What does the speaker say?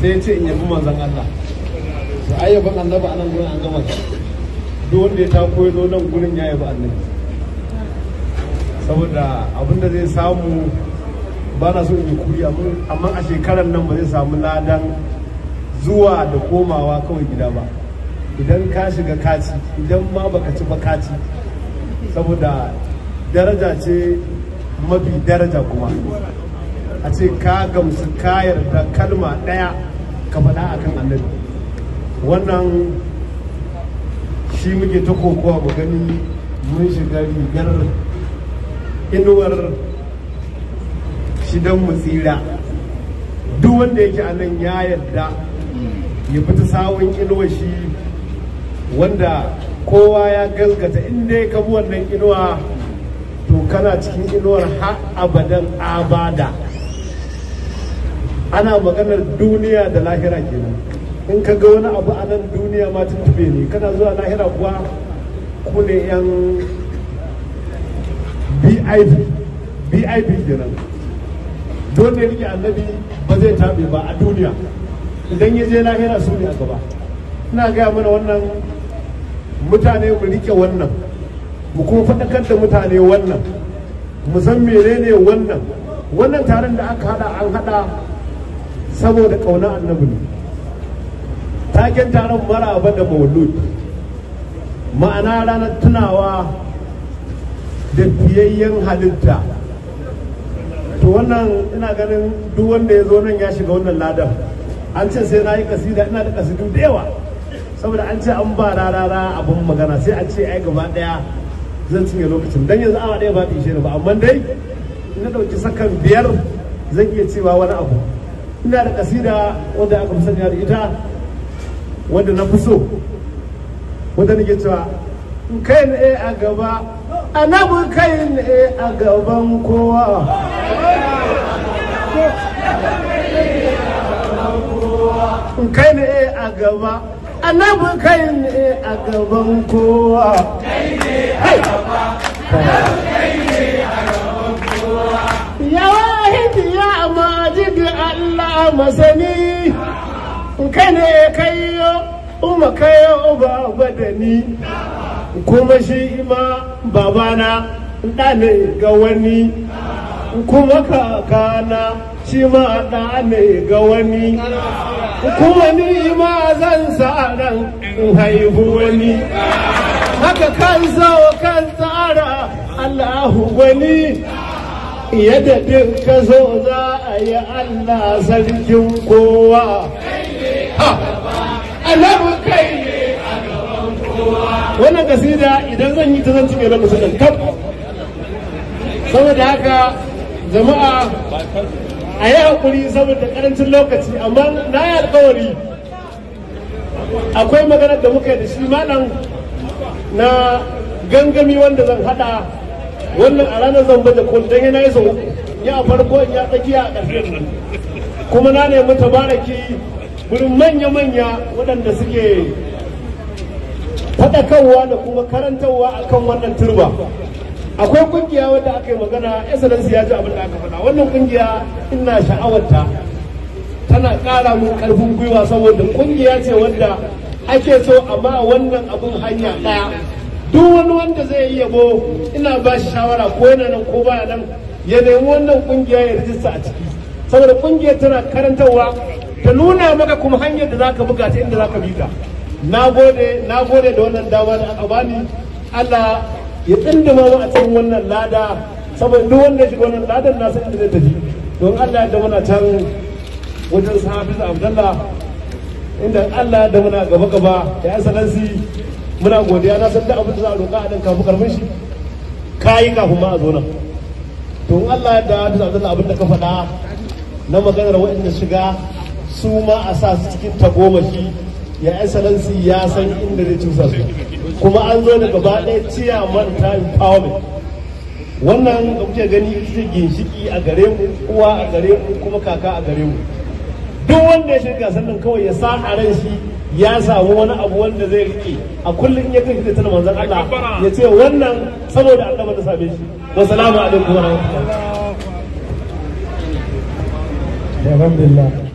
sai ce in yabi manzan Allah ai yabi annabi anan gurin an gama shi duk wanda ya ta koyo zo nan gurin ya yabi annabi saboda abinda zai samu ba na so in yi kuri amma a shekarar nan ba zai samu ladan zuwa da komawa kawai gida ba idan ka shiga kaci idan ma baka ci ba kaci saboda daraja ce mafi daraja kuma a ce ka gamsu kayar da kalma ɗaya ka faɗa akan annabi wannan shi muke ta kokowa mu gani mun shiga rigar inuwar shidan don mu tsira duk wanda yake a nan ya yarda ya fita sawun inuwa shi wanda kowa ya gaskata inda ya kabu wannan inuwa to kana cikin inuwar har abadan abada ana maganar duniya da lahira kenan in ka ga wani abu a nan duniya ma tuntube ne kana zuwa lahira kuwa ku ne yan bip kenan don ne rike annabi ba zai tabe ba a duniya idan ya je lahira su ne a gaba ina gaya mana wannan mutane mu rike wannan mu kuma faɗakar da mutane wannan mu san menene wannan wannan taron da aka hada an hada saboda ƙauna annabi ne taken taron maraba da maulud ma'ana ranar tunawa da fiyayyen halitta to wannan ina ganin duk wanda ya zo nan ya shiga wannan ladan an ce sai na yi kasida ina da kasidu da yawa saboda an ce an ba rarara abin magana sai an ce ai gaba daya zan cinye lokacin dan yanzu awa daya ba ta ishe ba amma dai na dauki sakan biyar zan iya cewa wani abu ina da kasida wadda aka fi sanya da ita wadda na fi so wadda nake cewa kai ne a gaba annabi kai ne a gaban kowa kai ne a gaba annabi kai ne a gaban kowa kai ne a gaba masani kane kayo umma kayo uba badani kuma shi ma babana dane ga wani kuma kakana shi ma dane ga wani kuma ni ma zan sa ran in haihu wani haka kan zo kan tsara allahu wani yadadin ka zo za a yi Allah sarkin kowa. Annabi kai ne a gaban kowa. Wannan kasida idan zan yi ta zan cike da musulun kaf. Saboda haka jama'a a yi hakuri saboda karancin lokaci amma na yi alkawari akwai maganar da muka yi da shi malam na gangami wanda zan haɗa. wannan a ranar zamba da koli yana yi sau ya a farko ya tsakiya a ƙarfin. kuma na nemi tabaraki wurin manya-manya waɗanda suke faɗakarwa da kuma karantarwa akan wannan turba akwai ƙungiya wadda aka yi magana excellence ya ji abin da aka faɗa wannan ƙungiya ina sha'awarta tana ƙara mun ƙarfin gwiwa saboda ƙungiya ce wadda ake so amma wannan abin hanya ɗaya duk wani wanda zai yi yabo ina ba shi shawara ko yana nan ko ba nan ya nemi wannan kungiya ya rijista a ciki saboda kungiyar tana karantarwa ta nuna maka kuma hanyar da zaka buga ta inda zaka bi ta na gode da wannan dama da aka bani Allah ya tsindima mu a cikin wannan lada saboda duk wanda ya shiga wannan ladan na san inda zai tafi don Allah ya da muna can wajen sahabi Abdullah inda Allah da muna gaba gaba ya salansi muna godiya na san duk abin da za a roƙa a ɗan kafin karfin shi ka yi kafin ma a zo nan to in Allah ya dawo da zan abin da ka faɗa na maganar waɗanda shiga su ma a sa su cikin tagomashi ya excellency ya san inda zai cusa su kuma an zo da gaba ɗaya ciya manta empowerment wannan da kuke gani ita ce ginshiki a gare mu uwa a gare mu kuma kaka a gare mu duk wanda ya shirka sannan kawai ya sa a ran shi ya samu wani abu wanda zai rike a kullum ya kai da tana manzon Allah ya ce wannan saboda ba ta same shi wa salamu alaikum wa rahmatullahi alhamdulillah